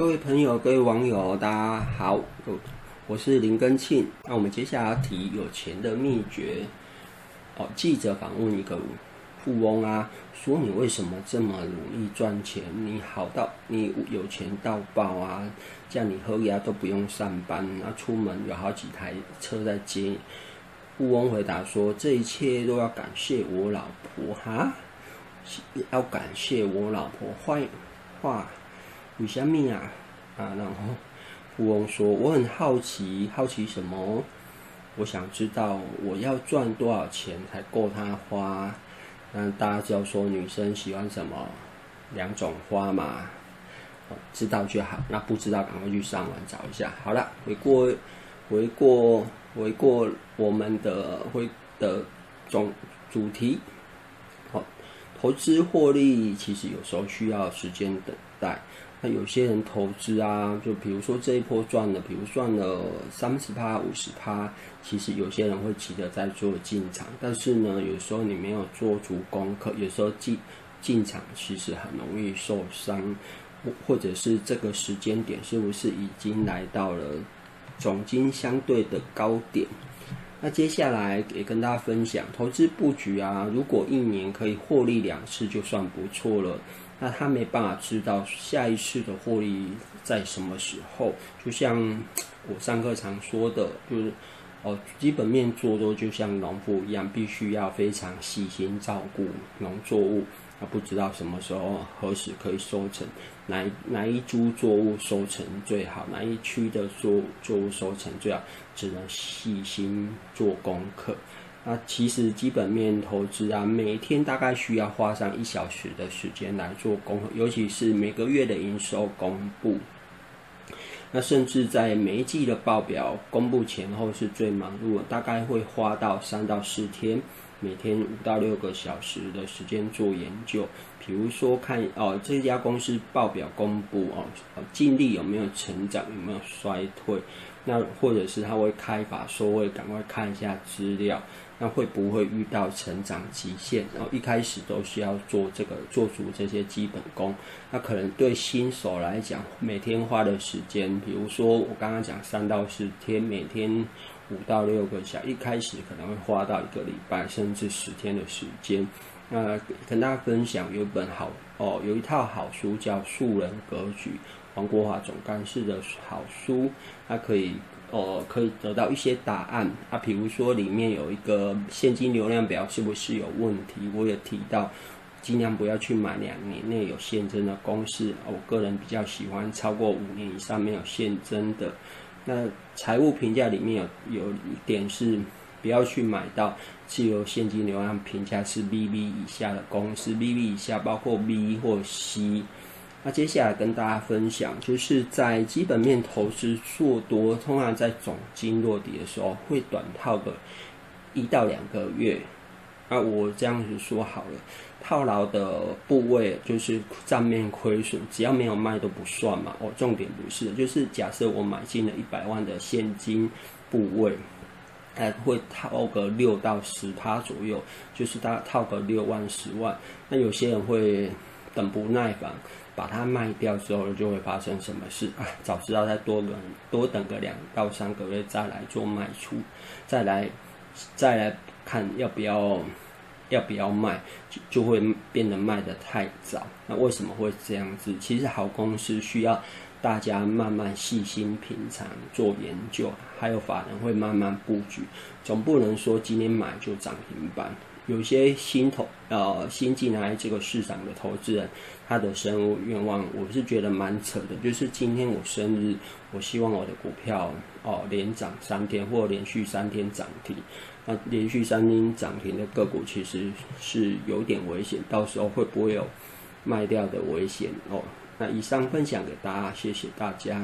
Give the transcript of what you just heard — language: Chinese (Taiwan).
各位朋友，各位網友，大家好，我我是林庚慶。那我們接下來要提有錢的秘訣。哦，記者訪問一個富翁啊，說你為什麼這麼努力賺錢？你好到你有錢到爆啊，這樣你喝牙、啊、都不用上班，那出門有好幾台車在接。富翁回答說：這一切都要感謝我老婆哈，要感謝我老婆壞話。女生蜜啊，啊，然後富翁說：“我很好奇，好奇什麼？我想知道我要賺多少錢才夠她花。那大家就要說女生喜歡什麼，兩種花嘛、哦，知道就好。那不知道趕快去上網找一下。好了，回過，回過，回過我們的回的總主題。好、哦，投資獲利其實有時候需要時間等待。”那有些人投資啊，就比如說這一波賺了，比如賺了三十趴、五十趴，其實有些人會急着在做進場。但是呢，有時候你沒有做足功課，有時候進進場其實很容易受傷，或或者是這個時間點是不是已經來到了總經相對的高點？那接下來也跟大家分享投資佈局啊，如果一年可以獲利兩次就算不錯了。那他沒辦法知道下一次的獲利在什麼時候，就像我上課常說的，就是哦，基本面做多就像農夫一樣，必須要非常細心照顧農作物，他不知道什麼時候何時可以收成，哪哪一株作物收成最好，哪一區的作物作物收成最好，只能細心做功課。那其實基本面投資啊，每天大概需要花上一小時的時間來做功課，尤其是每個月的營收公布，那甚至在每一季的報表公布前後是最忙碌的，大概會花到三到四天，每天五到六個小時的時間做研究，比如說看，哦，這家公司報表公布，哦，淨利有沒有成長，有沒有衰退。那或者是他會開發，說會趕快看一下資料，那會不會遇到成長極限？然後一開始都是要做這個，做足這些基本功。那可能對新手來講，每天花的時間，比如說我剛剛講三到四天，每天五到六個小時，一開始可能會花到一個禮拜甚至十天的時間。那跟大家分享有本好哦，有一套好書叫《素人格局》。黃國華總幹事的好書，它、啊、可以哦、呃、可以得到一些答案啊，比如說裡面有一個現金流量表是不是有問題？我也提到，盡量不要去買兩年內有現增的公司。我個人比較喜歡超過五年以上沒有現增的。那財務評價裡面有有一點是不要去買到自由現金流量評價是 BB 以下的公司，BB 以下包括 B 或 C。那接下來跟大家分享，就是在基本面投資做多，通常在總經落底的時候會短套個一到兩個月。那我這樣子說好了，套牢的部位就是賬面虧損，只要沒有賣都不算嘛。我、哦、重點不是，就是假設我買進了一百萬的現金部位，哎、呃，會套個六到十趴左右，就是大概套個六萬、十萬。那有些人會。等不耐煩，把它賣掉之後，就會發生什麼事？早知道再多等多等個兩到三個月再來做賣出，再來再來看要不要要不要賣，就就會變得賣得太早。那為什麼會這樣子？其實好公司需要大家慢慢細心品嘗、做研究，還有法人會慢慢布局，總不能說今天買就漲停板。有些新投，呃，新進來這個市場的投資人，他的生活願望，我是覺得蠻扯的。就是今天我生日，我希望我的股票哦連漲三天，或連續三天漲停。那、啊、連續三天漲停的個股其實是有點危險，到時候會不會有賣掉的危險哦？那以上分享給大家，謝謝大家。